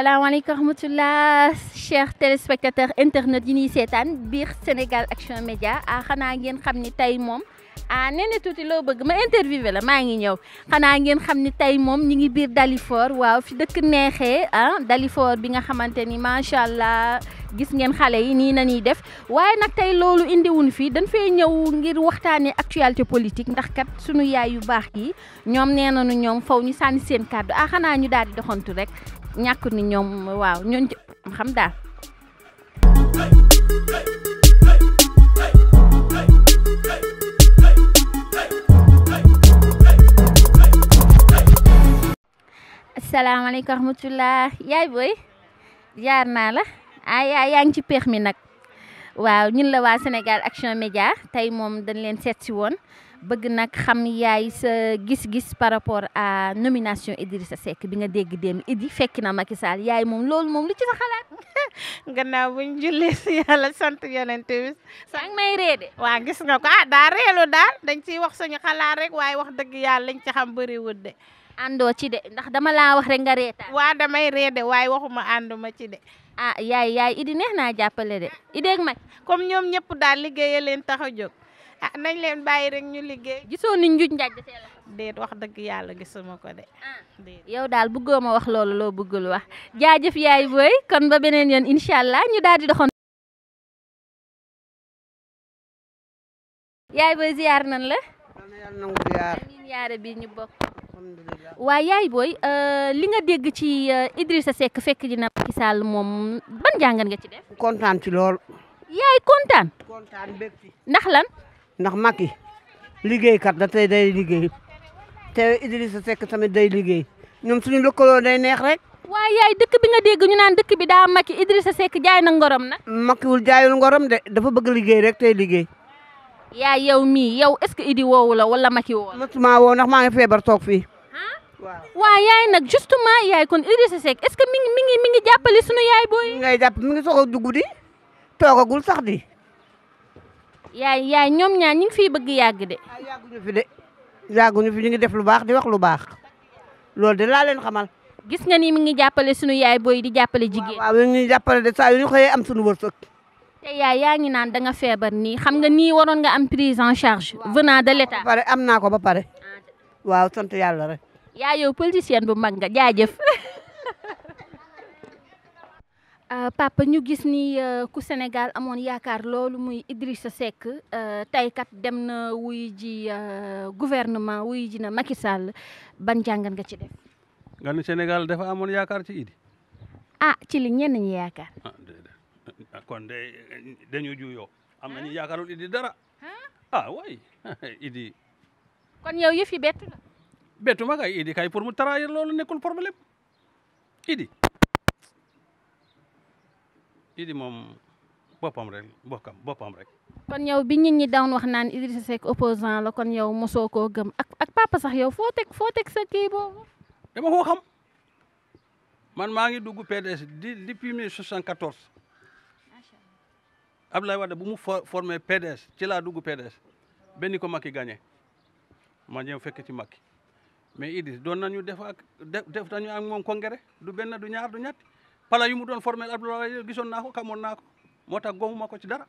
السلام عليكم ورحمة الله شيخ تيليسبكتاتور انترنت يني سيتان بير سينيغال اكشن ميديا خانا نين خامني تاي موم ا نين لو بغ ما انترفيو لا ماغي نيو خانا نين خامني تاي موم نيغي بير داليفور واو في دك نيهي ها داليفور بيغا خامتاني ما شاء الله غيس نين خالي ني ناني ديف واي نك تاي لولو اندي وون في دان في نيو غير وقتاني اكтуаلتي بوليتيك ندخ كات سونو يايو باخ كي نيوم نينا نو نيوم فاو ني سان سين كادو خانا ني دادي دخونتو ريك ñàkkul ni ñoom waaw ñooñ xam daal. asalaamaaleykum wa rahmatulah yaay booy jaar naa la ah yaa yaa ngi ci peex mi nag waaw ñun la waa Sénégal Action Média tey moom dañ leen seet woon. bëgg nag xam yaay sa gis-gis par rapport à nomination Idrissa Seck bi nga dégg dem Idi fekki na Macky Sall yaay moom loolu moom lu ci sa xalaat. gannaaw bu si yàlla sant yonent bi. sànq may reede. waa gis nga ko ah daa reelu daal dañ ciy wax suñu xalaat rek waaye wax dëgg yàlla lañ ci xam bëriwul de. àndoo ci de ndax dama laa wax rek nga reetaan. waa damay reede waaye waxuma ànduma ci de. ah yaay yaay Idi neex naa jàppale de Idi ak comme ñoom ñëpp daal liggéeyee leen tax a jóg. ah nañ leen bàyyi rek ñu liggéey. gisoo ni njuñ njaaj da see wax dëgg yàlla gisuma ko de. Ah. yow daal bëggoo ma wax loolu loo bëggul wax jaajëf yaay booy kon ba beneen yoon incha allah ñu daal di doxoon. yaay booy la. yaare bi ñu bokk. yaay booy euh, li nga dégg ci euh, Idrissa Seck fekk dina Macky Sall moom ban jàngat nga ci def. kontaan ci lool. yaay kontaan ndax lan. ndax Macky liggéeykat da tey day liggéey te Idrissa Seck tamit day liggéey ñoom suñu lëkkaloo day neex rek. waaye yaay dëkk bi nga dégg ñu naan dëkk bi daa makki Macky Idrissa Seck jaay na ngorom nag. Mackiwul jaayul ngorom de dafa bëgg liggéey rek tey liggéey. yaay yow mii yow est-ce que Idi woowu la wala Macky woo. mosuma woo ndax maa ngi feebar toog fii. waaw waaw yaay nag justement yaay kon Idrissa Seck est-ce que mi ngi mi ngi mi ngi jàppale sunu yaay booy. mi ngay jàpp mi ngi soog a dugg di sax di. yaay yaay ñoom ñaar ñi ngi fiy bëgg yàgg de. ah yàgguñu fi de yàgguñu fi ñu ngi def lu baax di wax lu baax loolu de laa leen xamal. gis nga ni mi ngi jàppale sunu yaay booy di jàppale jigéen. waaw waaw ñu jàppale de saa ñu xëyee am sunu wërsëg. te yaay yaa ngi naan da nga feebar nii xam nga nii waroon nga am prise en charge. venant de l'état pare am naa ko ba pare. Ah, waaw sant yàlla rek. yaa politicien bu mag nga jaajëf. Euh, papa ñu gis ni ku euh, Sénégal amoon yaakaar loolu muy Idrissa Seck euh, tey kat dem na wuy ji gouvernement wuy ji na Macky Sall ban jàngat nga ci def. Sénégal dafa ci Idi. ah ci li ñenn ñi yaakaar. ah, ah kon de dañu juyoo am nañu ah? yaakaarul Idi dara. ah waay Idi. kon yow yefi yi bett la. kay Idi kay pour mu taraayal loolu problème Idi. Idi moom boppam rek bokkam boppam rek. kon yow bi nit ñi daan wax naan Idrissa sek opposant la kon yow mosoo koo gëm ak ak papa sax yow foo teg foo teg sa kii boobu. dama ko xam man maa ngi dugg PDS di depuis 1974 Abdoulaye Wade bu mu formé PDS ci laa dugg PDS benn ko Macky gagné ma ñëw fekk ci Macky mais Idriss doon nañu def ak def nañu ak moom congrès du benn du ñaar du ñett. pala yu mu doon formel Abdoulaye gisoon naa ko xamoon naa ko moo tax gomuma ko ci dara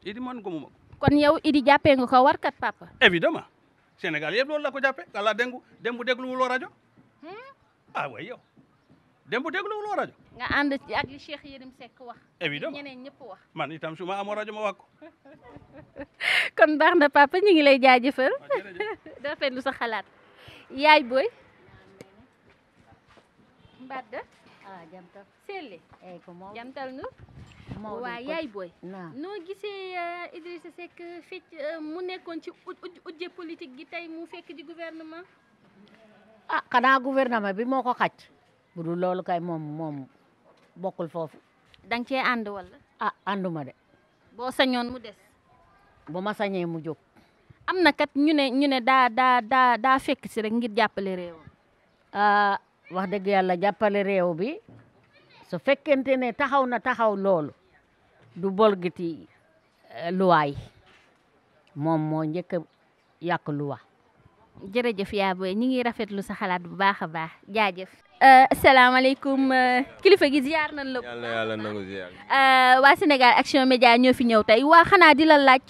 Idi man gomuma ko. kon yow Idi jàppee nga ko warkat papa. évidemment Sénégal yëpp loolu la ko jàppee ala dengu dem bu dégluwuloo rajo hmm? ah way yow dem bu dégluwuloo nga ànd ci ak li Cheikh Yérim Seck wax. évidemment ñeneen wax. man itam su ma amoo rajo ma wax ko. kon baax na papa ñu ngi lay jaajëfal. waaw jërëjëf rafetlu sa xalaat yaay booy. badda a ah, jamtal selli eh, waa yaay boy noo gisee eh, Idrissa Seck fecc eh, mu nekkoon ci ujje politique gi tey mu fekk di gouvernement ah xanaa gouvernement bi moo ko xacc bu dul loolu kay moom moom bokkul foofu dang cee ànd wala ah ànduma de boo sañoon mu des bu ma sañee mu jóg am na kat ñu ne ñu ne daa daa daa fekk si rek ngir jàppale réew ah, wax dëgg yàlla jàppale réew bi su fekkente ne taxaw na taxaw loolu du bol bolgiti euh, luwaay moom moo njëkk a yàq luwa jërëjëf yaa booy ñu ngi rafetlu sa xalaat bu baax a baax jaajëf asalaamaaleykum euh, euh, kilifa gi ziar nañ la yàlla yàlla nangu waa Sénégal Action Média ñoo fi ñëw tey waa xanaa di la laaj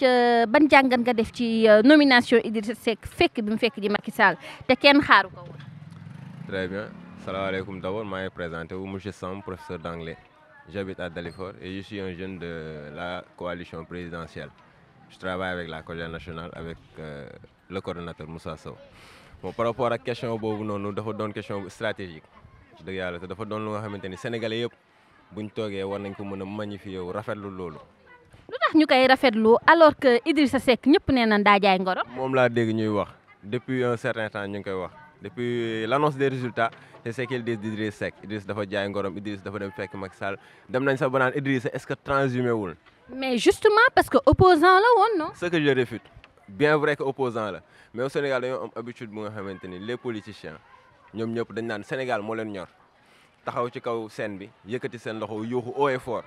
ban jàngat nga def ci nomination Idrissa Seck fekk bi mu fekk ji Macky Sall te kenn xaaru ko woon Assalamu D'abord, je me présente, Monsieur Sam, professeur d'anglais. J'habite à Dalifort et je suis un jeune de la coalition présidentielle. Je travaille avec la Coalition nationale avec euh, le coordinateur Moussa Sow. Bon, par rapport à la question, nous avons une question stratégique. Je dis que nous avons une Les Sénégalais, si nous avons magnifier ou rafetlu lolu lu tax ñu koy rafetlu alors que Idrissa Seck ñëpp nee na daa jaay ngorom moom laa dégg ñuy wax depuis un certain temps ñu ngi koy wax depuis l'annonce des résultats c'est ce qu'ils disent d'Idriss Seck Idriss dafa jaay ngorom Idriss dafa dem fekk Macky Sall dem nañ sax ba Idriss est-ce que transhumé wul mais justement parce que opposant la woon non ce que je réfute bien vrai que opposant la mais au Sénégal dañoo am habitude bu nga xamante les politiciens ñoom ñëpp dañ naan Sénégal moo leen ñor taxaw ci kaw scène bi yëkkati seen loxo yuuxu haut et fort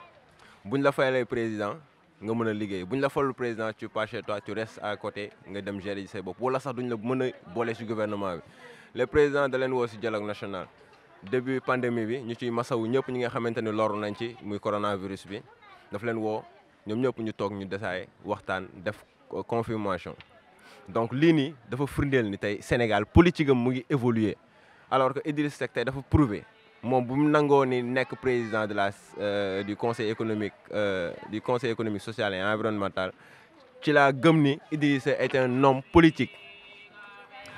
buñ la fayalee président nga mëna liggéey buñ la le président tu pars chez toi tu restes à côté nga dem gérer say bopp wala sax duñ la mëna bolé ci gouvernement bi le président de l'ENWO woo dialogue national début pandémie nous ñu ciy masawu ñëpp ñi nga xamante ni nañ ci muy coronavirus bi daf leen nous étions ñëpp ñu toog ñu desaay waxtaan def confirmation donc lii nii dafa firndeel ni Sénégal politique am mu évoluer alors que Idriss Seck a dafa prouver moom bu mu président de la euh, du conseil économique euh, du conseil économique social et environnemental ci a gëm ni Idriss est un homme politique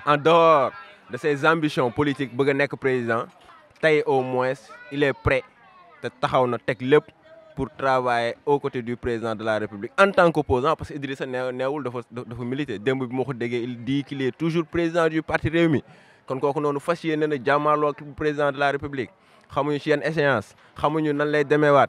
en dehors de ses ambitions politiques bëgg a président tey au moins il est prêt de taxaw na pour travailler aux côtés du président de la République en tant qu'opposant parce que Idrissa neewul dafa dafa bi il dit qu'il est toujours président du parti Rewmi kon kooku noonu fas yéene na le président de la République xamuñu ci une échéance xamuñu nan lay demeewaat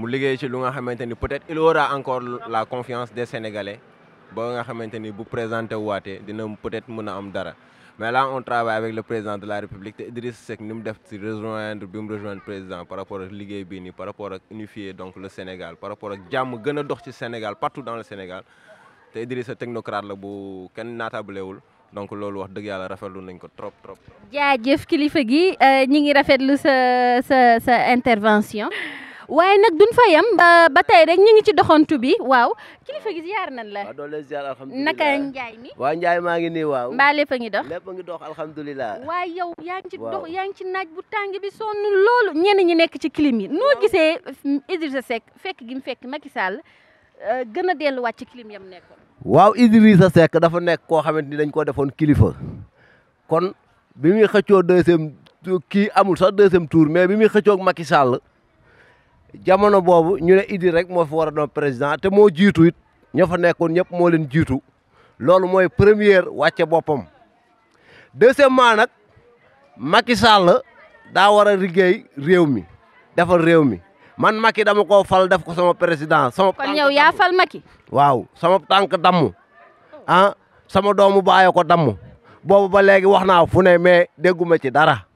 mu ci lu nga peut-être il aura encore la confiance des Sénégalais ba nga xamante ni bu présenté waatee dina peut-être mën am dara mais là on travaille avec le président de la République te Idriss Seck nous mu def ci rejoindre le rejoindre président par rapport à liggéey bii par rapport à unifier donc le Sénégal par rapport à jàmm gën Sénégal partout dans le Sénégal te est technocrate la bu kenn naatablewul donc loolu wax dëgg yàlla rafetlu nagn ko trop trop. jeuf kilifa gi euh, ñi ngi rafetlu sa sa sa intervention. waaye nag duñ fa yam ba tey rek ñu ngi ci doxantu bi waaw kilifa gi ziar nan la. waaw doon leen ziar alhamdulilah naka Njaay mi. waaw Njaay maa ngi nii waaw. mbaa lépp a ngi dox lépp a ngi dox alhamdulilah. yow yaa ngi ci dox yaa ngi ci naaj bu tàng bi sonn loolu ñenn ñi nekk ci clim yi noo gisee mm, Idrissa Seck fekk gi mu fekk Macky Sall euh, gën a delluwaat ci clim yam nekkoon. waaw Idrissa Seck dafa nekk koo xamante ni dañ koo defoon kilifa kon bi muy xëccoo deuxième kii amul sax deuxième tour mais bi muy xëccoog Macky Sall jamono boobu ñu ne Idy rek moo fi war a doon président te moo jiitu it ña fa nekkoon ñëpp moo leen jiitu loolu mooy première wàcce boppam deuxièmement nag Macky Sall daa war a liggéey réew mi defal réew mi man Macky dama koo fal def ko sama président. sama kon yow yaa fal Macky. waaw sama tànk damm ah sama doomu baayo ko damm boobu ba léegi wax naa fu ne mais dégguma ci dara.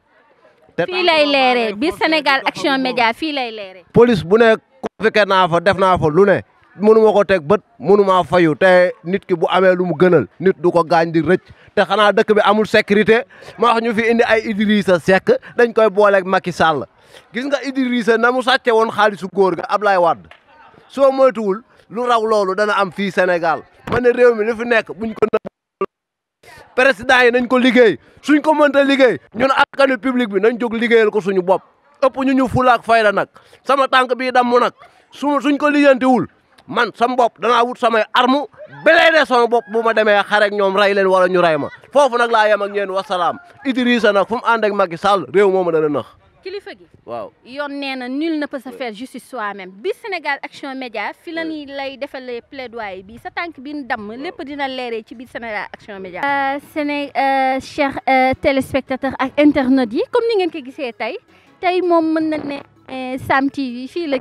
fii lay leere biir Sénégal Action Média fii lay leere police bu ne convoqué naa fa def naa fa lu ne mënuma ko teg bët mënuma fayu te nit ki bu amee lu mu gënal nit du ko gaañ di rëcc te xanaa dëkk bi amul sécurité ma wax ñu fi indi ay Idrissa Seck dañ koy booleeg maki Sall gis nga Idrissa na mu sàcce woon xaalisu góor ga Ablaye Wade soo moytuwul lu raw loolu dana am fii Sénégal ma ne réew mi li fi nekk buñ ko président yi nañ ko liggéey suñ ko mënta liggéey ñun askanu public bi nañ jog liggéeyal ko suñu bopp ëpp ñu ñu fulaak fayda nag sama tànk bii damm nag su suñ ko wul man sam bopp danaa wut samay armu beleene sama bopp bu ma demee xarek ñoom rey leen wala ñu rey ma foofu nag laa yem ak ñeen wasalaam Idrissa nag fu mu ànd ak Macky Sall réew mooma dana nax kilifa gi waaw yoon nee na nul ne peut se faire justice soi-même bi Sénégal Action Média fi la ñuy lay defalee plaidoyer bi sa tànk bi ñu damm lépp dina leeree ci biir Sénégal Action Média. Euh, Sénégal euh, chers euh, téléspectateurs ak internautes yi comme ni ngeen ko gisee tey tey moom mën na ne Sam TV fii la.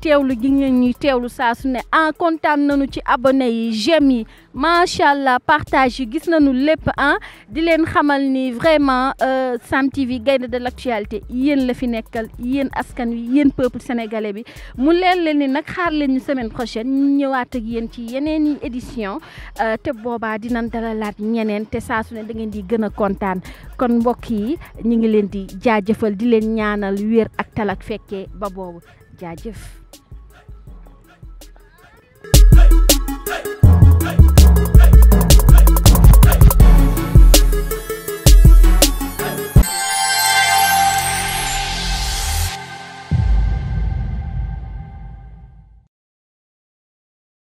teewlu gi ngeen ñuy teewlu saa su ne en ah, kontaan nañu ci abonné yi j'aime yi macha allah partage yi gis nañu lépp ah di leen xamal ni vraiment euh, Sam TV gaynde de l'actualité yéen la fi nekkal yéen askan wi yéen peuple sénégalais bi mu leen leen ni nag xaar leen ñu semaine prochaine ñu ñëwaat ak yéen ci yeneen yi édition euh, te boobaa dinañ dalalaat ñeneen te saa su ne da ngeen di gën a kontaan kon mbokk yi ñu ngi leen di jaajëfal di leen ñaanal wér ak talak fekkee ba boobu jaajëf